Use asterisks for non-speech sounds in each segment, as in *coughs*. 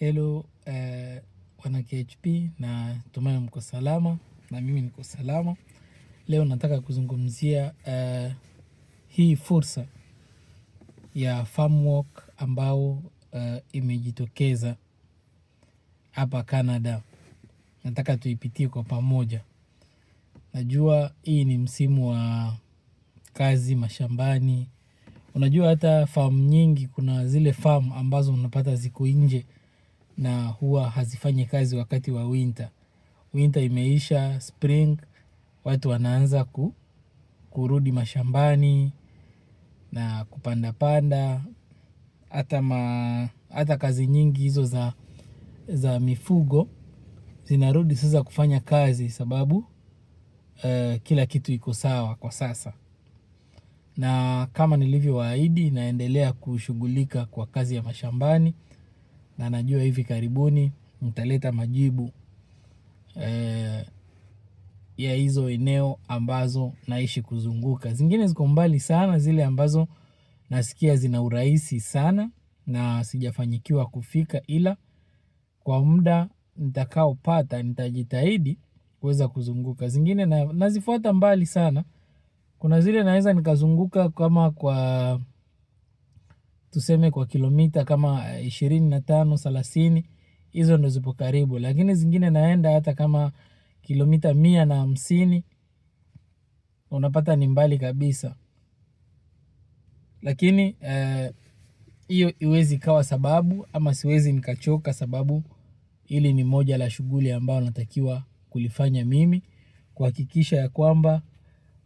Hello eh, wana KHP na tumai mko salama, na mimi niko salama. Leo nataka kuzungumzia eh, hii fursa ya work ambao eh, imejitokeza hapa Canada. Nataka tuipitie kwa pamoja. Najua hii ni msimu wa kazi mashambani. Unajua hata farm nyingi, kuna zile farm ambazo unapata ziko nje na huwa hazifanyi kazi wakati wa winter. Winter imeisha, spring, watu wanaanza kurudi mashambani na kupandapanda. Hata kazi nyingi hizo za mifugo zinarudi sasa kufanya kazi sababu eh, kila kitu iko sawa kwa sasa. Na kama nilivyowaahidi naendelea kushughulika kwa kazi ya mashambani na najua hivi karibuni mtaleta majibu eh, ya hizo eneo ambazo naishi kuzunguka. Zingine ziko mbali sana, zile ambazo nasikia zina urahisi sana na sijafanyikiwa kufika, ila kwa muda nitakaopata nitajitahidi kuweza kuzunguka. Zingine na, nazifuata mbali sana. Kuna zile naweza nikazunguka kama kwa tuseme kwa kilomita kama eh, ishirini na tano thelathini hizo ndo zipo karibu, lakini zingine naenda hata kama kilomita mia na hamsini unapata ni mbali kabisa. Lakini eh, hiyo eh, iwezi ikawa sababu ama siwezi nikachoka, sababu hili ni moja la shughuli ambayo natakiwa kulifanya mimi kuhakikisha ya kwamba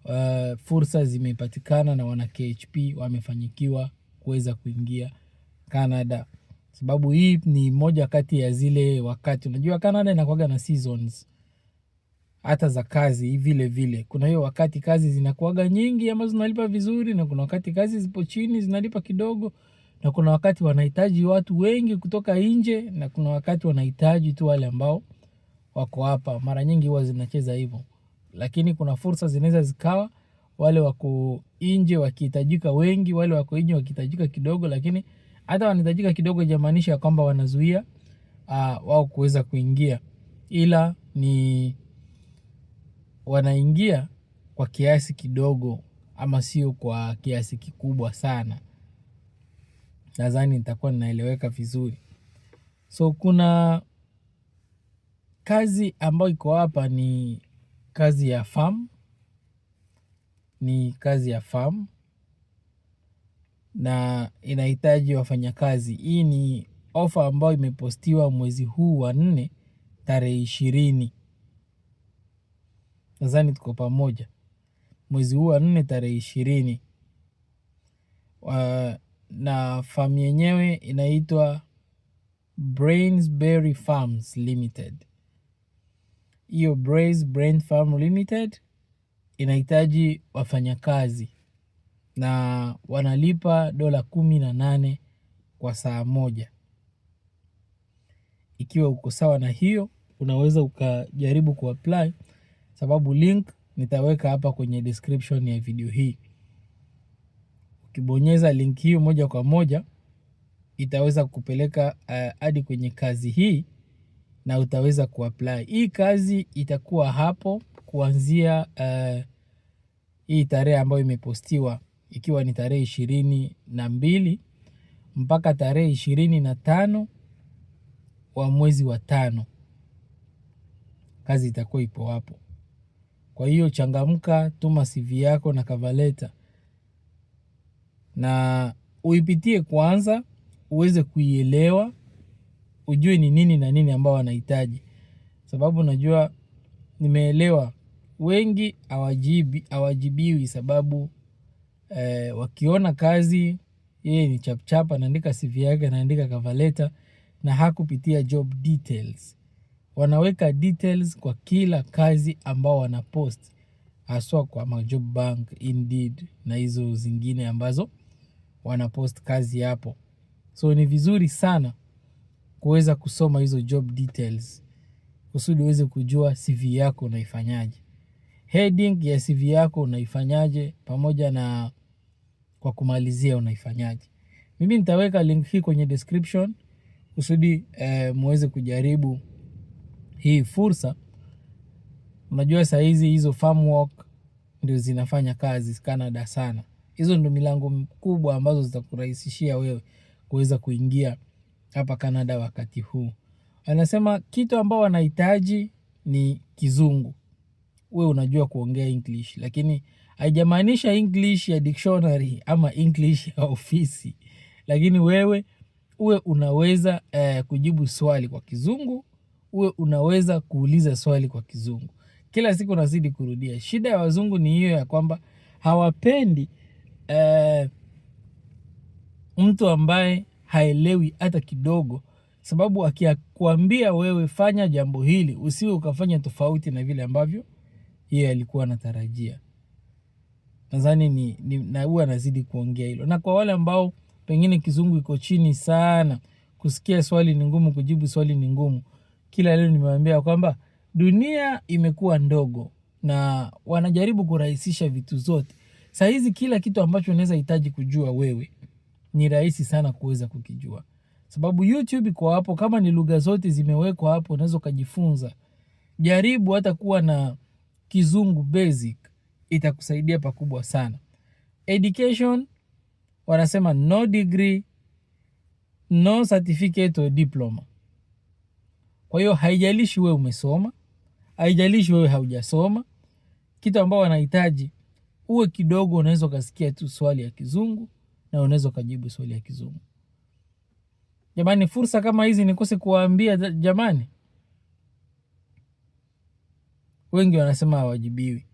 uh, fursa zimepatikana na wana KHP wamefanyikiwa kuweza kuingia Canada, sababu hii ni moja kati ya zile wakati, unajua Canada inakuwaga na seasons hata za kazi vile vile. Kuna hiyo wakati kazi zinakuaga nyingi ama zinalipa vizuri, na kuna wakati kazi zipo chini zinalipa kidogo, na kuna wakati wanahitaji watu wengi kutoka nje, na kuna wakati wanahitaji tu wale ambao wako hapa. Mara nyingi huwa zinacheza hivyo, lakini kuna fursa zinaweza zikawa wale wako nje wakihitajika wengi, wale wako nje wakihitajika kidogo, lakini hata wanahitajika kidogo ijamaanisha ya kwamba wanazuia uh, wao kuweza kuingia, ila ni wanaingia kwa kiasi kidogo, ama sio kwa kiasi kikubwa sana. Nadhani nitakuwa ninaeleweka vizuri. So kuna kazi ambayo iko hapa ni kazi ya farm ni kazi ya farm na inahitaji wafanyakazi. Hii ni ofa ambayo imepostiwa mwezi huu wa nne tarehe ishirini, nadhani tuko pamoja. Mwezi huu wa nne tarehe ishirini, na famu yenyewe inaitwa Brainsberry Farms Limited. Hiyo Brains Brain Farm Limited inahitaji wafanyakazi na wanalipa dola kumi na nane kwa saa moja. Ikiwa uko sawa na hiyo, unaweza ukajaribu kuapply, sababu link nitaweka hapa kwenye description ya video hii. Ukibonyeza link hiyo moja kwa moja itaweza kupeleka eh, hadi uh, kwenye kazi hii na utaweza kuapply hii kazi. Itakuwa hapo kuanzia uh, hii tarehe ambayo imepostiwa ikiwa ni tarehe ishirini na mbili mpaka tarehe ishirini na tano wa mwezi wa tano kazi itakuwa ipo hapo. Kwa hiyo changamka, tuma CV yako na kavaleta na uipitie kwanza, uweze kuielewa, ujue ni nini na nini ambao wanahitaji, sababu najua nimeelewa wengi awajibi, awajibiwi sababu eh, wakiona kazi yeye ni chapchap anaandika CV yake anaandika cover letter na hakupitia job details. Wanaweka details kwa kila kazi ambao wanapost haswa kwa majob bank, Indeed na hizo zingine ambazo wanapost kazi hapo. So ni vizuri sana kuweza kusoma hizo job details kusudi uweze kujua CV yako unaifanyaje heading ya CV yako unaifanyaje pamoja na kwa kumalizia unaifanyaje. Mimi nitaweka link hii kwenye description kusudi eh, muweze kujaribu hii fursa. Unajua saa hizi hizo farm work ndio zinafanya kazi Canada sana. Hizo ndio milango mkubwa ambazo zitakurahisishia wewe kuweza kuingia hapa Canada wakati huu. Anasema kitu ambao wanahitaji ni kizungu we unajua kuongea english lakini haijamaanisha english ya dictionary ama english ya ofisi lakini wewe uwe unaweza eh, kujibu swali kwa kizungu uwe unaweza kuuliza swali kwa kizungu kila siku unazidi kurudia shida ya wazungu ni hiyo ya kwamba hawapendi eh, mtu ambaye haelewi hata kidogo sababu akikwambia wewe fanya jambo hili usiwe ukafanya tofauti na vile ambavyo yeye alikuwa anatarajia. Nadhani ni, ni na huwa anazidi kuongea hilo. Na kwa wale ambao pengine kizungu iko chini sana, kusikia swali ni ngumu, kujibu swali ni ngumu, kila leo nimewaambia kwamba dunia imekuwa ndogo na wanajaribu kurahisisha vitu zote. Saa hizi kila kitu ambacho unaweza hitaji kujua wewe ni rahisi sana kuweza kukijua, sababu YouTube iko hapo. Kama ni lugha zote zimewekwa hapo, unaweza ukajifunza. Jaribu hata kuwa na kizungu basic itakusaidia pakubwa sana. Education wanasema no degree, no certificate or diploma. Kwa hiyo haijalishi wewe umesoma, haijalishi wewe haujasoma, kitu ambao wanahitaji uwe kidogo unaweza ukasikia tu swali ya kizungu na unaweza ukajibu swali ya kizungu. Jamani, fursa kama hizi nikose kuwaambia jamani wengi wanasema hawajibiwi.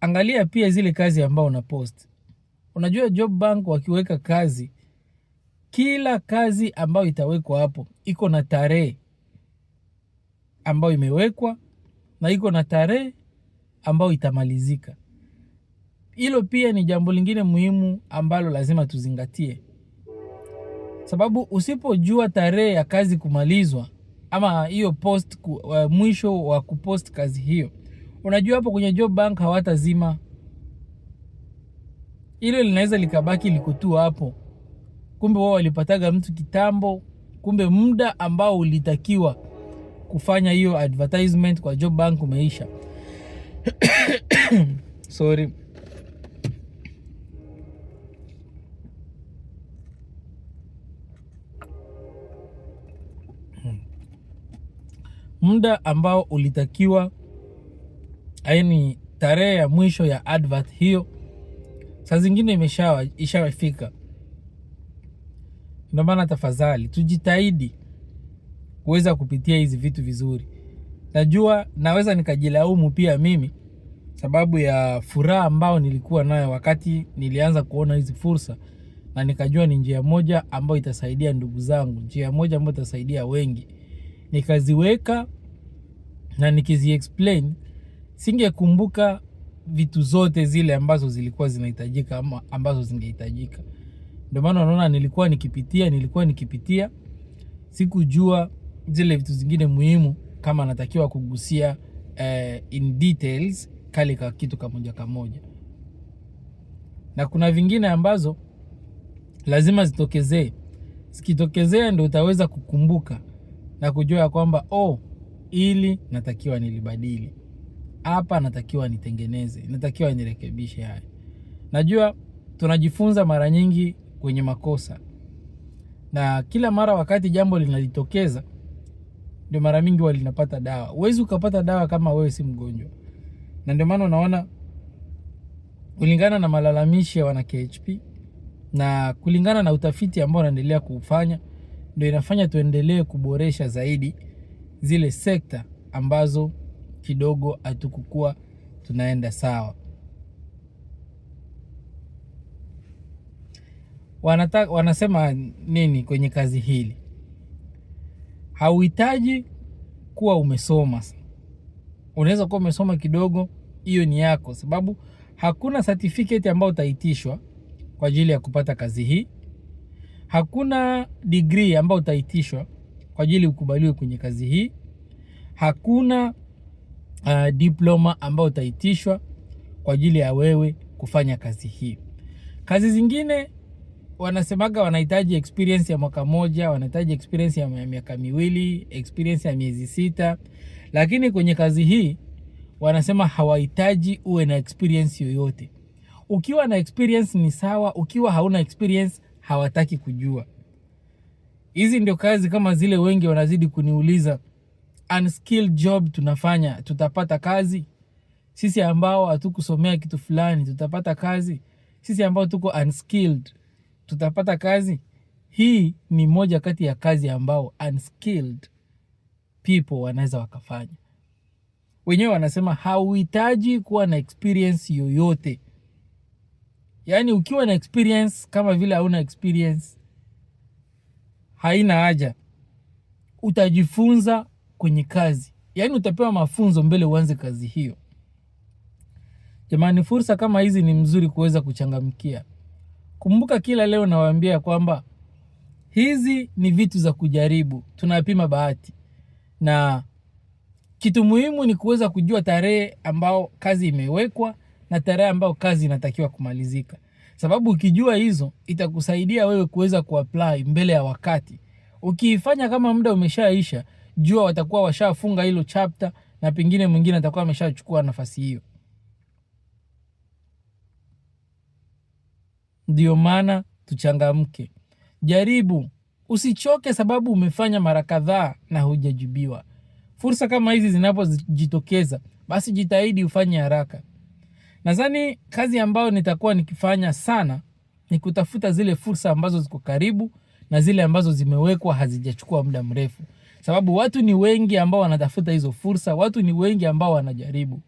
Angalia pia zile kazi ambao unapost. Unajua Job Bank wakiweka kazi, kila kazi ambayo itawekwa hapo iko na tarehe ambayo imewekwa na iko na tarehe ambayo itamalizika. Hilo pia ni jambo lingine muhimu ambalo lazima tuzingatie, sababu usipojua tarehe ya kazi kumalizwa ama hiyo post ku, uh, mwisho wa kupost kazi hiyo, unajua hapo kwenye job bank hawatazima hilo, linaweza likabaki liko tu hapo. Kumbe wao walipataga mtu kitambo, kumbe muda ambao ulitakiwa kufanya hiyo advertisement kwa job bank umeisha. *coughs* Sorry. muda ambao ulitakiwa, yaani tarehe ya mwisho ya advert hiyo, saa zingine imeshawa ishafika. Ndio maana tafadhali tujitahidi kuweza kupitia hizi vitu vizuri. Najua naweza nikajilaumu pia mimi sababu ya furaha ambao nilikuwa nayo wakati nilianza kuona hizi fursa, na nikajua ni njia moja ambayo itasaidia ndugu zangu, njia moja ambayo itasaidia wengi, nikaziweka na nikizi explain singekumbuka vitu zote zile ambazo zilikuwa zinahitajika ama ambazo zingehitajika. Ndio maana unaona nilikuwa nikipitia nilikuwa nikipitia, sikujua zile vitu zingine muhimu kama natakiwa kugusia eh, in details kale ka kitu kamoja kamoja, na kuna vingine ambazo lazima zitokezee, zikitokezea ndio utaweza kukumbuka na kujua ya kwamba oh ili natakiwa nilibadili hapa, natakiwa nitengeneze, natakiwa nirekebishe haya. Najua tunajifunza mara nyingi kwenye makosa, na kila mara wakati jambo linajitokeza ndio mara mingi walinapata dawa. Huwezi ukapata dawa kama wewe si mgonjwa, na ndio maana unaona kulingana na malalamishi ya wana KHP na kulingana na utafiti ambao unaendelea kuufanya, ndio inafanya tuendelee kuboresha zaidi zile sekta ambazo kidogo hatukukuwa tunaenda sawa. Wanata, wanasema nini kwenye kazi hili? Hauhitaji kuwa umesoma, unaweza kuwa umesoma kidogo, hiyo ni yako, sababu hakuna certificate ambayo utaitishwa kwa ajili ya kupata kazi hii. Hakuna degree ambayo utaitishwa kwa ajili ukubaliwe kwenye kazi hii. Hakuna uh, diploma ambayo utaitishwa kwa ajili ya wewe kufanya kazi hii. Kazi zingine wanasemaga wanahitaji experience ya mwaka moja, wanahitaji experience ya miaka miwili, experience ya miezi sita, lakini kwenye kazi hii wanasema hawahitaji uwe na experience yoyote. Ukiwa na experience ni sawa, ukiwa hauna experience hawataki kujua. Hizi ndio kazi kama zile wengi wanazidi kuniuliza, unskilled job tunafanya, tutapata kazi? Sisi ambao hatukusomea kitu fulani tutapata kazi? Sisi ambao tuko unskilled tutapata kazi? Hii ni moja kati ya kazi ambao unskilled people wanaweza wakafanya. Wenyewe wanasema hauhitaji kuwa na experience yoyote. Yaani ukiwa na experience kama vile hauna experience haina haja, utajifunza kwenye kazi, yaani utapewa mafunzo mbele uanze kazi hiyo. Jamani, fursa kama hizi ni mzuri kuweza kuchangamkia. Kumbuka kila leo nawaambia kwamba hizi ni vitu za kujaribu, tunapima bahati, na kitu muhimu ni kuweza kujua tarehe ambao kazi imewekwa na tarehe ambao kazi inatakiwa kumalizika sababu ukijua hizo itakusaidia wewe kuweza kuapply mbele ya wakati. Ukiifanya kama muda umeshaisha, jua watakuwa washafunga hilo chapter na pengine mwingine atakuwa ameshachukua nafasi hiyo. Ndio maana tuchangamke, jaribu, usichoke sababu umefanya mara kadhaa na hujajibiwa. Fursa kama hizi zinapojitokeza, basi jitahidi ufanye haraka. Nadhani kazi ambayo nitakuwa nikifanya sana ni kutafuta zile fursa ambazo ziko karibu na zile ambazo zimewekwa hazijachukua muda mrefu. Sababu watu ni wengi ambao wanatafuta hizo fursa, watu ni wengi ambao wanajaribu.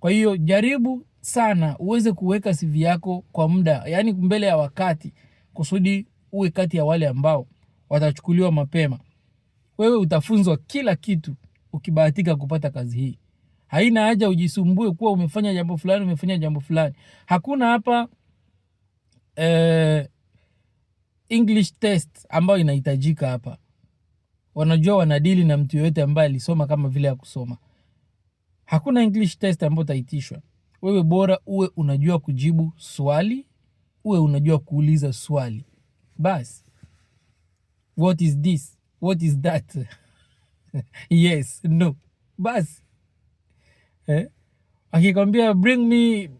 Kwa hiyo jaribu sana uweze kuweka CV yako kwa muda, yani mbele ya wakati, kusudi uwe kati ya wale ambao watachukuliwa mapema. Wewe utafunzwa kila kitu ukibahatika kupata kazi hii. Haina haja ujisumbue kuwa umefanya jambo fulani, umefanya jambo fulani. Hakuna hapa eh, English test ambayo inahitajika hapa. Wanajua wanadili na mtu yoyote ambaye alisoma kama vile ya kusoma. Hakuna English test ambayo utaitishwa. Wewe bora uwe unajua kujibu swali, uwe unajua kuuliza swali basi. What is this? What is that? *laughs* Yes, no, basi eh? akikwambia bring me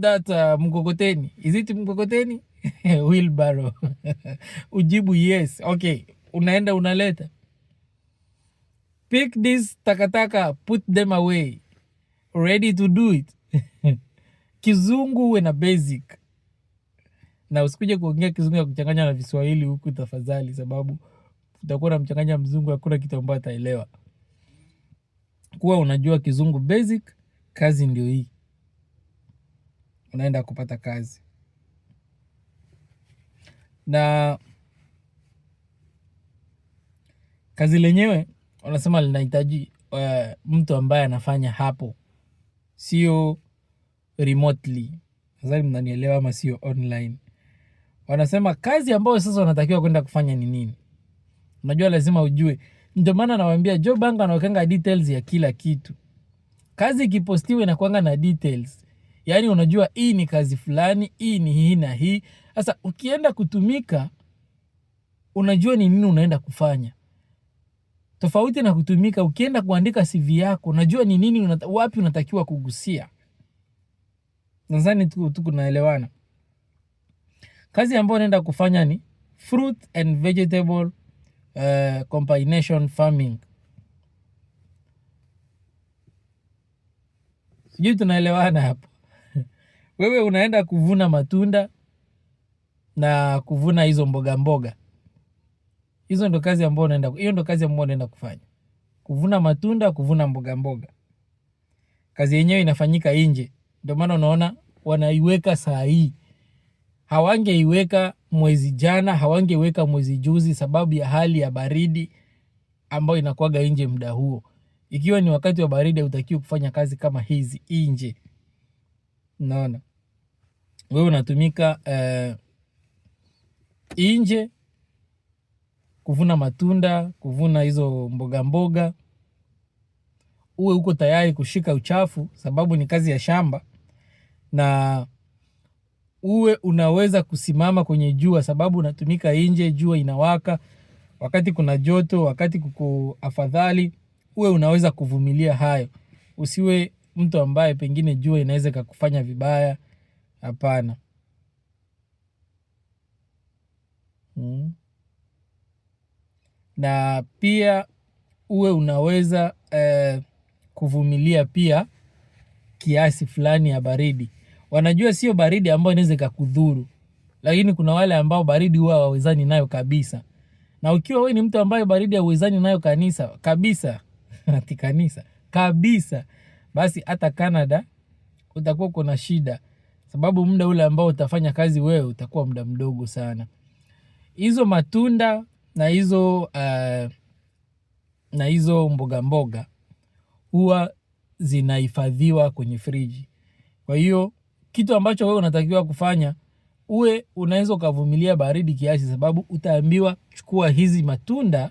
that uh, mkokoteni is it mkokoteni *laughs* wheelbarrow *laughs* ujibu yes okay unaenda unaleta pick this takataka put them away ready to do it *laughs* kizungu uwe na basic na usikuje kuongea kizungu ya kuchanganya na viswahili huku tafadhali sababu utakuwa na mchanganya mzungu hakuna kitu ambayo ataelewa kuwa unajua kizungu basic, kazi ndio hii, unaenda kupata kazi. Na kazi lenyewe wanasema linahitaji uh, mtu ambaye anafanya hapo, sio remotely. Nadhani mnanielewa, ama sio online. Wanasema kazi ambayo sasa unatakiwa kwenda kufanya ni nini? Unajua lazima ujue ndio maana nawaambia Job Bank anawekanga details ya kila kitu. Kazi ikipostiwa inakuanga na details. Yaani unajua hii ni kazi fulani, hii ni hii na hii. Sasa ukienda kutumika unajua ni nini unaenda kufanya. Tofauti na kutumika, ukienda kuandika CV yako unajua ni nini unata, wapi unatakiwa kugusia. Nadhani tu tunaelewana. Kazi ambayo unaenda kufanya ni fruit and vegetable uh, eh, combination farming. Sijui tunaelewana hapo? *laughs* Wewe unaenda kuvuna matunda na kuvuna hizo mboga mboga, hizo ndo kazi ambayo unaenda, hiyo ndo kazi ambayo unaenda kufanya, kuvuna matunda, kuvuna mboga mboga. Kazi yenyewe inafanyika nje, ndio maana unaona wanaiweka saa hii, hawangeiweka mwezi jana hawangeweka mwezi juzi sababu ya hali ya baridi ambayo inakuwaga nje muda huo. Ikiwa ni wakati wa baridi hautakiwi kufanya kazi kama hizi nje. Naona Wewe unatumika eh, nje kuvuna matunda, kuvuna hizo mboga mboga. Uwe uko tayari kushika uchafu sababu ni kazi ya shamba na uwe unaweza kusimama kwenye jua, sababu unatumika nje, jua inawaka, wakati kuna joto, wakati kuko afadhali, uwe unaweza kuvumilia hayo. Usiwe mtu ambaye pengine jua inaweza ikakufanya vibaya. Hapana. Hmm. Na pia uwe unaweza eh, kuvumilia pia kiasi fulani ya baridi wanajua sio baridi ambayo inaweza ikakudhuru, lakini kuna wale ambao baridi huwa hawawezani nayo kabisa. Na ukiwa wewe ni mtu ambaye baridi hauwezani nayo kanisa kabisa *laughs* ati kanisa kabisa, basi hata Canada utakuwa uko na shida, sababu muda ule ambao utafanya kazi wewe utakuwa muda mdogo sana. Hizo matunda na hizo uh, na hizo mboga mboga huwa zinahifadhiwa kwenye friji, kwa hiyo kitu ambacho wewe unatakiwa kufanya uwe unaweza ukavumilia baridi kiasi, sababu utaambiwa chukua hizi matunda.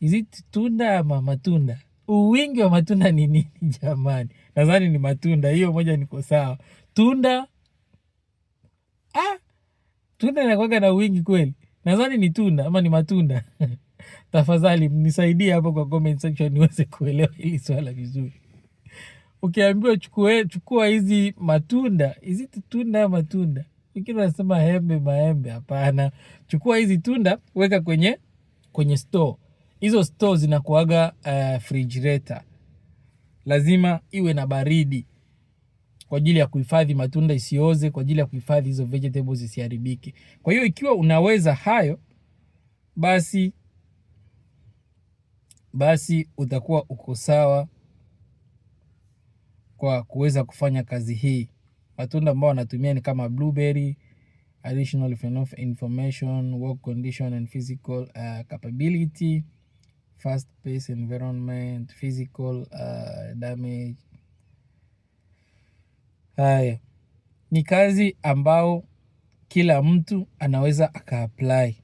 Hizi tunda ama matunda, uwingi wa matunda ni nini *laughs* jamani? Nadhani ni matunda, hiyo moja niko sawa. Tunda ah, tunda inakuwaga na wingi kweli? Nadhani ni tunda ama ni matunda? *laughs* Tafadhali mnisaidie hapo kwa comment section niweze kuelewa hili swala vizuri ukiambiwa chukua, chukua hizi matunda hizi tunda matunda wengine wanasema embe maembe hapana chukua hizi tunda weka kwenye kwenye store hizo store zinakuaga uh, refrigerator lazima iwe na baridi kwa ajili ya kuhifadhi matunda isioze, kwa ajili ya kuhifadhi hizo vegetables isiharibike. Kwa hiyo ikiwa unaweza hayo, basi basi utakuwa uko sawa kwa kuweza kufanya kazi hii. Matunda ambao wanatumia ni kama blueberry, additional information, work condition and physical uh, capability, fast pace environment, physical uh, damage. Haya ni kazi ambao kila mtu anaweza akaapply,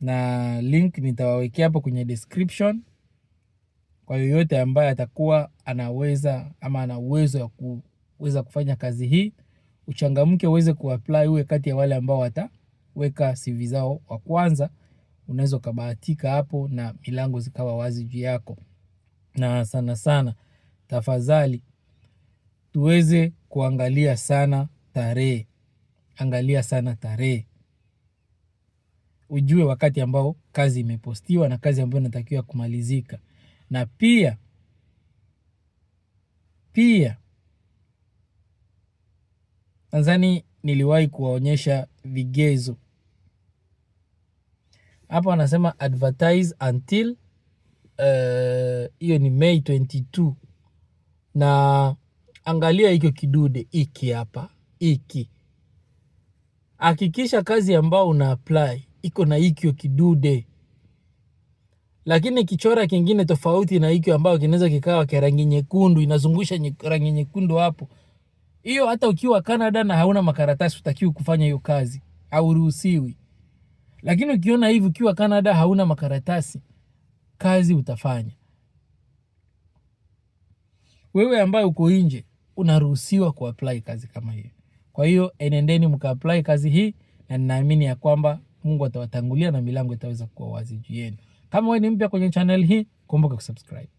na link nitawawekea hapo kwenye description kwa yoyote ambaye atakuwa anaweza ama ana uwezo wa kuweza kufanya kazi hii, uchangamke uweze kuapply, uwe kati ya wale ambao wataweka CV zao wa kwanza. Unaweza ukabahatika hapo na milango zikawa wazi juu yako. Na sana sana, tafadhali tuweze kuangalia sana tarehe. Angalia sana tarehe, ujue wakati ambao kazi imepostiwa na kazi ambayo inatakiwa kumalizika na pia pia nadhani niliwahi kuwaonyesha vigezo hapa wanasema advertise until eh, hiyo uh, ni May 22 na angalia hiko kidude iki hapa iki hakikisha kazi ambao una apply iko na ikyo kidude lakini kichora kingine tofauti na hiki ambayo kinaweza kikawa kwa rangi nyekundu, inazungusha nye, rangi nyekundu hapo. Hiyo hata ukiwa Canada na hauna makaratasi utakiwa kufanya hiyo kazi, hauruhusiwi. Lakini ukiona hivi ukiwa Canada hauna makaratasi, kazi utafanya. Wewe ambaye uko nje unaruhusiwa kuapply kazi kama hiyo. Kwa hiyo enendeni mkaapply kazi hii, na ninaamini ya kwamba Mungu atawatangulia na milango itaweza kuwa wazi juu yenu. Kama wewe ni mpya kwenye channel hii, kumbuka kusubscribe.